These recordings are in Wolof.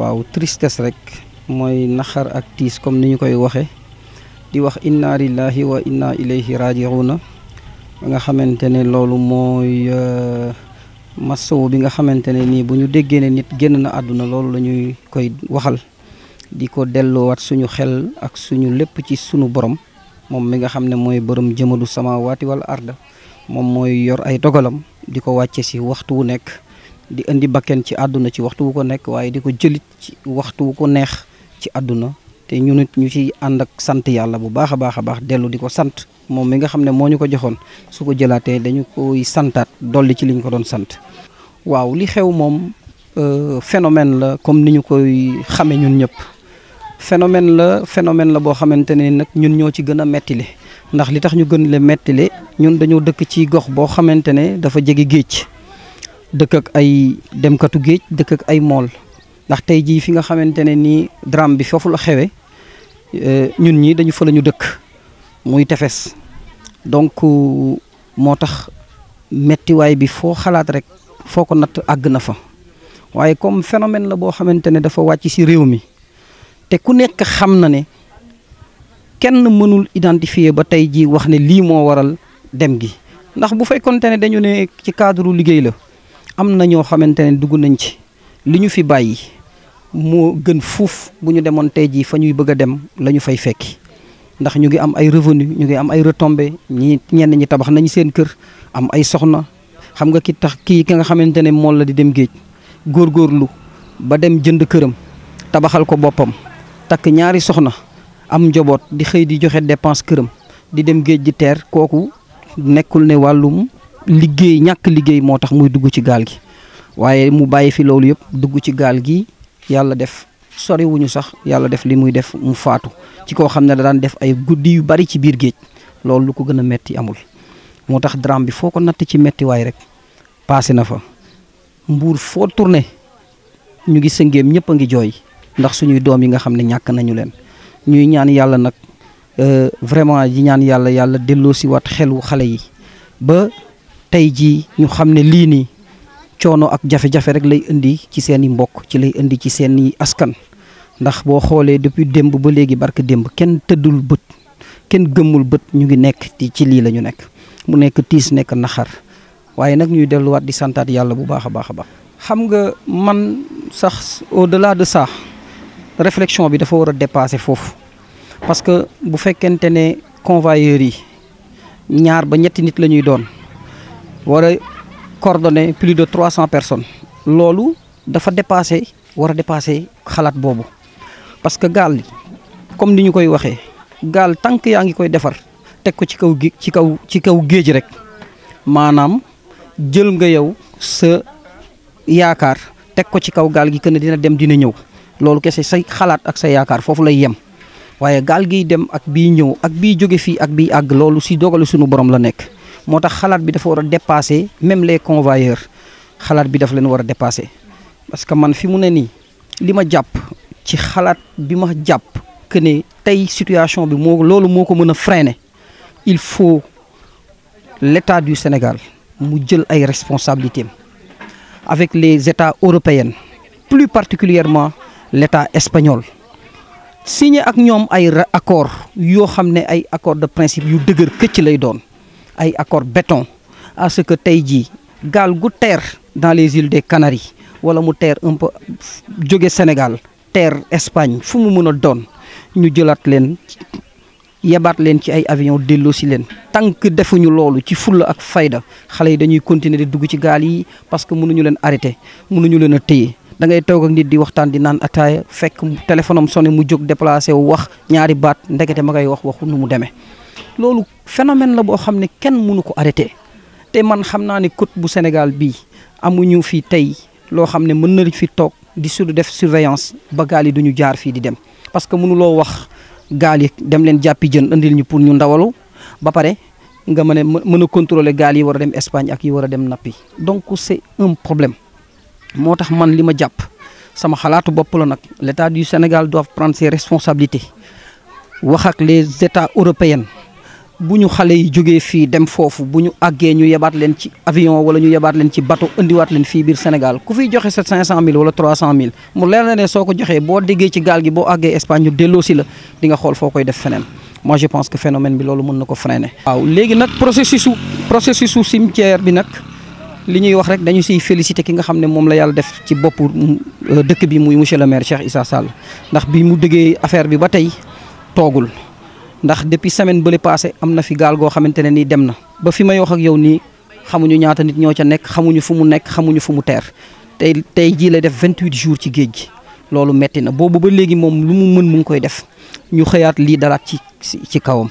waaw tristesse rek mooy naxar ak tiis comme ni ñu koy waxe di wax inna lillahi wa inna ilayhi raji'una nga xamante ne loolu mooy euh, masawu bi nga xamante ne nii bu ñu nit génn na àdduna loolu lañuy koy waxal di ko delloowaat suñu xel ak suñu lépp ci suñu borom moom mi nga xam ne mooy borom jëmadu wal arda moom mooy yor ay dogalam di ko wàcce si waxtu wu nekk di indi bakken ci àdduna ci waxtu wu ko nekk waaye di ko jëlit ci waxtu ko neex ci àdduna te ñu nit ñu ci ànd ak sant yàlla bu baax a baax a baax dellu di ko sant moom mi nga xam ne moo ñu ko joxoon su ko jëlaatee dañu koy santaat dolli ci liñ ko doon sant waaw li xew moom euh, phénomène la comme ni ñu koy xame ñun ñëpp phénomène la phénomène la boo xamante ne nag ñun ñoo ci gën a mettile ndax li tax ñu gën le mettile ñun dañoo dëkk ci gox boo xamante ne dafa jege géej dëkk ak ay demkatu géej dëkk ak ay mool ndax tey jii fi nga xamante ne nii drame bi foofu la xewe eh, ñun ñi dañu fa la ñu dëkk muy tefes donc moo tax mettiwaay bi foo xalaat rek foo ko natt àgg na fa waaye comme phénomène la boo xamante ne dafa wàcc ci réew mi te ku nekk xam na ne kenn mënul identifier ba tey jii wax ne lii moo waral dem gi ndax bu fekkoonte ne dañu ne ci cadre liggéey la am na ñoo xamante ne dugg nañ ci li ñu fi bàyyi moo gën fuuf bu ñu demoon tey jii fa ñuy bëgg a dem lañu fay fekki ndax ñu ngi am ay revenu ñu ngi am ay retombées ñi ñenn ñi tabax nañu seen kër am ay soxna xam nga ki tax kii ki nga xamante ne mool la di dem géej góor góorlu ba dem jënd këram tabaxal ko boppam takk ñaari soxna am njaboot di xëy di joxe dépense këram di dem géej di teer kooku nekkul ne wàllum. liggéey ñàkk liggéey moo tax muy dugg ci gaal gi waaye mu bàyyi fi loolu yëpp dugg ci gaal gi yàlla def sori sax yàlla def li muy def mu faatu ci koo xam ne da daan def ay guddi yu bari ci biir géej loolu lu ko gën a metti amul moo tax drame bi foo ko natt ci mettiwaay rek passé na fa mbuur foo tourné ñu ngi sëngeem ñëpp a ngi jooy ndax suñuy doom yi nga xam ne ñàkk nañu leen ñuy ñaan yàlla nag euh, vraiment yi ñaan yàlla yàlla delloo si waat xelu xale yi tay ji ñu xamne li ni choono ak jafe-jafe rek lay indi ci seen mbokk ci lay indi ci seen askan ndax bo xolé depuis demb ba légui barke demb kenn teddul nyu ginek gëmmul beut ñu ngi nekk ci la nyu nekk mu nekk tiis nekk naxar waye nak ñuy wat di santat yalla bu baaxa baaxa ba xam nga man sax au delà de ça réflexion bi dafa wara dépasser fofu parce que bu fekkentene convoyeur yi ñaar ba ñetti nit lañuy doon wara coordonner plus de 300 personnes loolu dafa dépasser wara dépasser khalat bobu parce que gal comme niñ koy waxé gal tank yaangi koy défar tek ko ci kaw ci kaw ci kaw geej rek manam djel nga yow tek ko ci kaw gal gi keuna dina dem dina ñew loolu kese say khalat ak say yaakaar fofu lay yem waye gal gi dem ak bi ñew ak bi joggé fi ak bi ag lolu si dogal sunu borom la nek moo tax xalaat bi dafa war a dépasser même les convoyeurs xalaat bi dafa leen war dépasser parce que man fi mu ne nii li ma jàpp ci xalaat bi ma jàpp que ne tey situation bi moo loolu moo ko freiner il faut l'État du Sénégal mu jël ay responsabilités avec les États européens plus particulièrement l'État espagnol signé ak ñoom ay accord yoo xam ay accord de principe yu dëgër këcc lay doon ay accord béton à ce que tey jii gu terre dans les îles des Canaries wala mu terre un peu jóge Sénégal terre Espagne fu mu meuna don ñu jëlat len yabat len ci ay avion delloosi leen tant que defuñu lolu ci ful ak fayda xalé dañuy continuer di dugg ci gal yi parce que mënuñu len arrêter mënuñu da ngay tok ak nit di waxtan di nan ataaya fekk téléphone am sonné mu jog déplacer wu wax ñaari baat ndekete magay wax waxu nu mu démé lolu phénomène la bo xamné ne kenn mënu ko arrêté té man xamna ni côte bu Sénégal bi amuñu fi tay lo xamné mën na fi tok di sudu def surveillance ba gaal yi duñu jaar fi di dem parce que lo wax dem leen jappi jeun andil ñu pour ñu ndawalu ba paré nga mëne a contrôler gaal yi dem Espagne ak yi wara dem nappi donc c'est un problème motax man lima japp sama xalaatu bop la nak l'état du Sénégal doit prendre ses responsabilités wax ak les états européens bu ñu xale yi jógee fii dem foofu bu ñu àggee ñu yebaat leen ci avion wala ñu yebaat leen ci bateau indiwaat leen fii biir Sénégal ku fiy joxe sa 500000 wala 300000 mu leer na ne soo ko joxee boo déggee ci gaal gi boo àggee Espagne ñu delloosi la di xool foo koy def feneen moi je pense que phénomène bi loolu mën na ko freiner. waaw léegi nag processus su processus su cimetière bi nag li ñuy wax rek dañu siy félicité ki nga xam ne moom la yàlla def ci bopp euh, dëkk bi muy monsieur le maire Cheikh Issa Sall ndax bi mu déggee affaire bi ba tey toogul. ndax depuis semaine bële passé am na fi gaal goo xamante ne nii dem na ba fi may wax ak yow nii xamuñu ñaata nit ñoo ca nekk xamuñu fu mu nekk xamuñu fu mu teer tey tey jii lay def vingt-huit jours ci géej gi loolu metti na boobu ba léegi moom lu mu mën mu ngi koy def ñu xëyaat lii dalaat ci ci kawam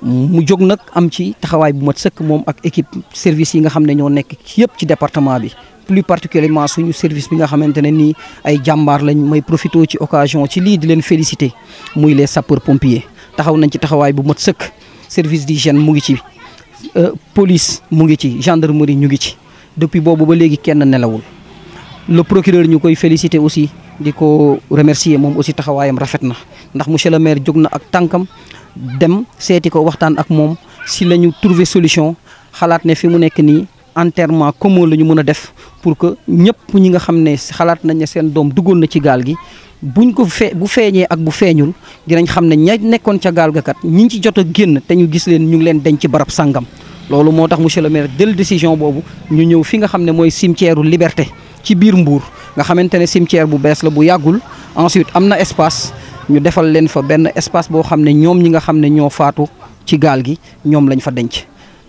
mu jóg nag am ci taxawaay bu ma sëkk moom ak équipe service yi nga xam ne ñoo nekk yëpp ci département bi plus particulièrement suñu service bi nga xamante ne nii ay jàmbaar lañ may ci occasion ci lii di leen félicité muy les sapeurs pompiers taxaw nañ ci taxawaay bu mat sëkk service di d'hygiène mu ngi ci euh, police mu ngi ci gendarmerie ñu ngi ci depuis boobu ba léegi kenn nelawul le procureur ñu koy féliciter aussi di ko remercier moom aussi taxawaayam rafet na ndax monsieur le maire jóg na ak tànkam dem seeti ko waxtaan ak moom si lañu ñu solution xalaat ne fi mu nekk nii enterrement commun la ñu mën a def pour que ñëpp ñi nga xam ne xalaat nañ ne seen doom duggoon na ci gaal gi buñ ko fee bu feeñee ak bu feeñul dinañ xam ne ña nekkoon ca gaal ga kat ñi ci jot a génn te ñu gis leen ñu ngi leen denc barab sàngam loolu moo tax monsieur le maire jël décision boobu ñu ñëw fi nga xam ne mooy cimetière Liberté ci biir mbuur nga xamante ne cimetière bu bees la bu yàggul ensuite am na espace ñu defal leen fa benn espace boo xam ne ñoom ñi nga xam ne ñoo faatu ci gaal gi ñoom lañ fa denc.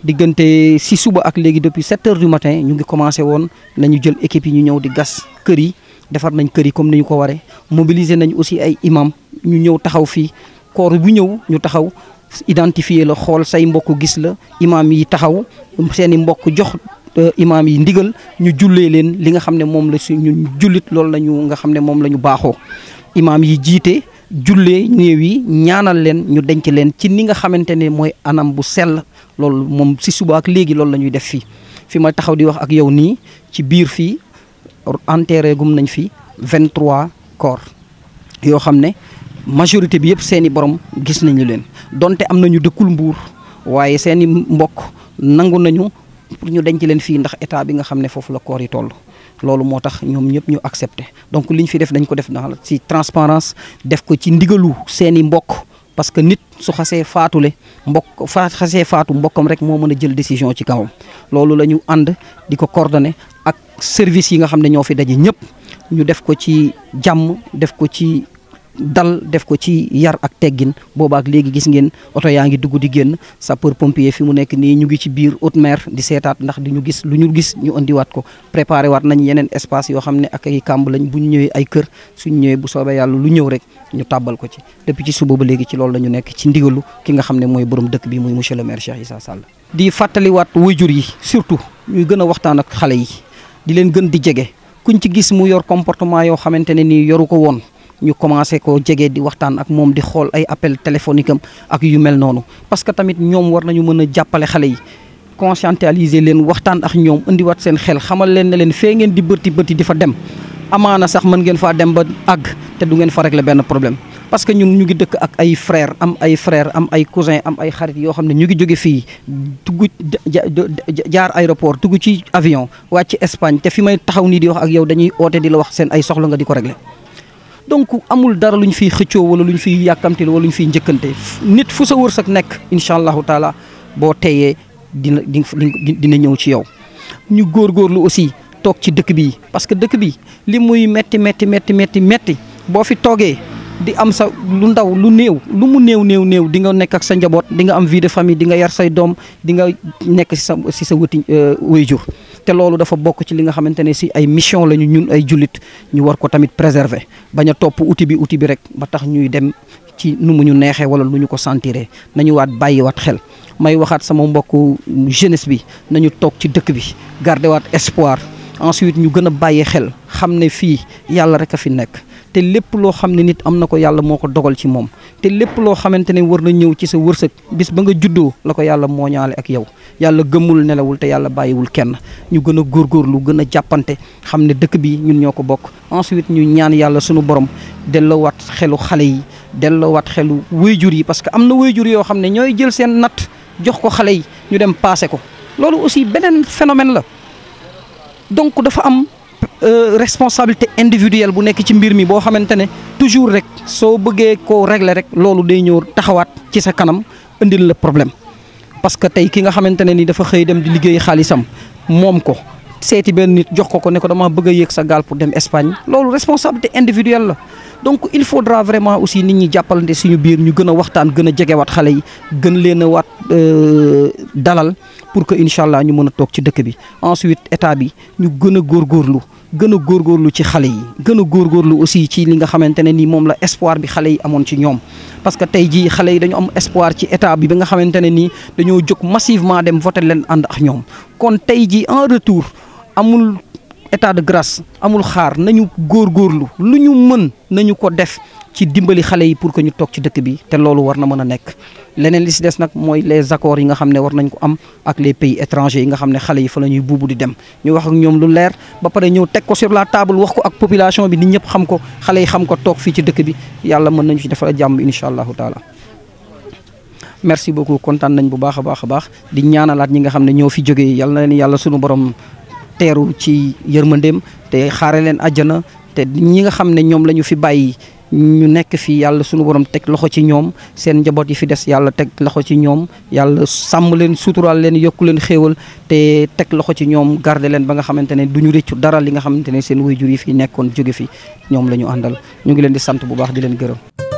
diggante si suba ak léegi depuis 7 heures du matin ñu ngi commencé woon la ñu jël yi ñu ñëw di gas kër yi. defar nañ kër yi comme ni ñu ko waree mobiliser nañ aussi ay imam ñu ñëw taxaw fii koor bu ñëw ñu taxaw identifier la xool say mbokk gis la imaam yi taxaw seeni mbokk jox euh, imaam yi ndigal ñu jullee leen li nga xam ne moom la suñu jullit loolu la ñu nga xam ne moom la ñu baaxoo imaam yi jiite jullee néew yi ñaanal leen ñu denc leen ci ni nga xamante ne mooy anam bu sell loolu moom si suba ak léegi loolu la ñuy def fii fi ma taxaw di wax ak yow nii ci biir fii enterré gum nañ fii vingt trois corps yoo xam ne majorité bi yëpp seeni borom gis nañu leen donte am nañu dëkkul mbuur waaye seen i mbokk nangu nañu pour ñu denc leen fii ndax état bi nga xam ne foofu la corps yi toll. loolu moo tax ñoom ñëpp ñu accepté donc li ñu fi def dañ ko def dans si transparence def ko ci ndigalu seeni mbokk. parce que nit su xasee faatule mbokk fa xasee faatu mbokkam rek moo mën a jël décision ci kawam loolu la ñu ànd di ko coordonné ak service yi nga xam ne ñoo fi daje ñëpp ñu def ko ci jàmm def ko ci dal def ko ci yar ak teggin boobaak léegi gis ngeen oto yaa ngi dugg di génn sapeur pompier fi mu nekk nii ñu ngi ci biir haute mer di seetaat ndax di ñu gis lu ñu gis ñu andiwaat ko préparé waat yeneen espace yoo xam ne ak ay kàmb lañ bu ñu ñëwee ay kër suñ ñëwee bu soobee yàlla lu ñëw rek ñu tàbbal ko ci depuis ci suba léegi ci loolu la ñu nekk ci ndigalu ki nga xam ne mooy borom dëkk bi muy monsieur le maire Cheikh Issa Sall di fàttaliwaat waajur yi surtout ñuy gën a waxtaan ak xale yi di leen gën di jege kuñ ci gis mu yor comportement yoo xamante ne nii yoru ko woon ñu commencé ko jégué di waxtaan ak mom di xol ay appel téléphoniqueum ak yu mel nonu parce que tamit ñom war nañu mëna jappalé xalé yi conscientiser leen waxtaan ak indi wat seen xel xamal leen ne leen fee ngeen di bërti bërti di fa dem amaana sax mën ngeen faa dem ba ag té du ngeen fa régler ben problème parce que ñun ñu ngi dëkk ak ay frère am ay frère am ay cousin am ay xarit yo xam ñu ngi joggé fi duggu jaar aéroport duggu ci avion wacc Espagne té fi may taxaw ni di wax ak yow dañuy oté di la wax seen ay soxla nga di régler donc amul dara lu ñu fi xëccoo wala lu ñu fi fiy yàkkamtil wala lu ñu fiy njëkkantee nit fu sa wërsëg nekk incha allahu taala boo teyee dina dina ñëw ci yow. ñu lu aussi toog ci dëkk bi parce que dëkk bi li muy metti metti metti metti metti boo fi toogee di am sa lu ndaw lu néew lu mu néew néew néew di nga nekk ak sa njaboot di nga am vie de famille di nga yar say doom di nga nekk si sa si sa wëti euh, wayjur te loolu dafa bokk ci li nga xamante ne si ay mission lañu ñun ay jullit ñu war ko tamit préserver bañ a topp outil bi outil bi rek ba tax ñuy dem ci nu mu ñu neexee wala nu ñu ko sentiree nañu waat wat xel. may waxaat sama mbokku jeunesse bi nañu toog ci dëkk bi garder waat espoir ensuite ñu gën a bàyyi xel xam ne fii yàlla rek a fi nekk. te lépp loo xam ne nit am na ko yàlla moo ko dogal ci moom te lépp loo xamante ne war na ñëw ci sa wërsëg bis ba nga juddoo la ko yàlla moo ñaale ak yow yàlla gëmmul nelawul te yàlla bàyyiwul kenn ñu gën a góorgóorlu gën a jàppante xam ne dëkk bi ñun ñoo ko bokk ensuite ñu ñaan yàlla sunu borom wat xelu xale yi wat xelu wéyjur yi parce que am na wéyjur yoo xam ne ñooy jël seen natt jox ko xale yi ñu dem passé ko loolu aussi beneen phénomène la Euh, responsabilité individuelle bu nekk ci mbir mi boo xamante ne toujours rek soo bëggee ko régler rek loolu day ñëw taxawaat ci sa kanam indil la problème. parce que tey ki nga xamante ne ni dafa xëy dem di liggéey xaalisam moom ko seeti benn nit jox ko ko ne ko dama bëgg a yéeg sa gaal pour dem Espagne loolu responsabilité individuelle la. donc il faudra vraiment aussi nit ñi jàppalante suñu biir ñu gën a waxtaan gën a jegewaat xale yi gën leen a waat euh, dalal pour que incha allah ñu mën a toog ci dëkk bi ensuite état bi ñu gën a góorgóorlu gën a góorgóorlu ci xale yi gën a góorgóorlu aussi ci li nga xamante ne ni moom la espoir bi xale yi amoon ci ñoom parce que tey jii xale yi dañu am espoir ci état bi ba nga xamante ne ni dañoo jóg massivement dem voté leen ànd ak ñoom kon tey jii un retour amul état de grâce amul xaar nañu góor góorlu lu ñu mën nañu ko def ci dimbali xale yi pour que ñu toog ci dëkk bi te loolu war na mën a nekk leneen li si des nag mooy les accords yi nga xam ne war nañ ko am ak les pays étrangers yi nga xam ne xale yi fa la ñuy buubu di dem ñu wax ak ñoom lu leer ba pare ñëw teg ko sur la table wax ko ak population bi ni ñëpp xam ko xale yi xam ko toog fii ci dëkk bi yàlla mën nañu ci defal jàmm incha allahu taala merci beaucoup kontaan nañ bu baax a baax a baax di ñaanalaat ñi nga xam ne ñoo fi jógee yal na leen yàlla sunu borom teeru ci yërmandeem te xaare leen àjjana te ñi nga xam ne ñoom la ñu fi bàyyi ñu nekk fi yàlla sunu borom teg loxo ci ñoom seen njaboot yi fi des yàlla teg loxo ci ñoom yàlla sàmm leen suturaal leen yokku leen xéewal te teg loxo ci ñoom garder leen ba nga xamante ne du ñu réccu dara li nga xamante ne seen waajur yi fi nekkoon jóge fi ñoom la ñu àndal ñu ngi leen di sant bu baax di leen gërëm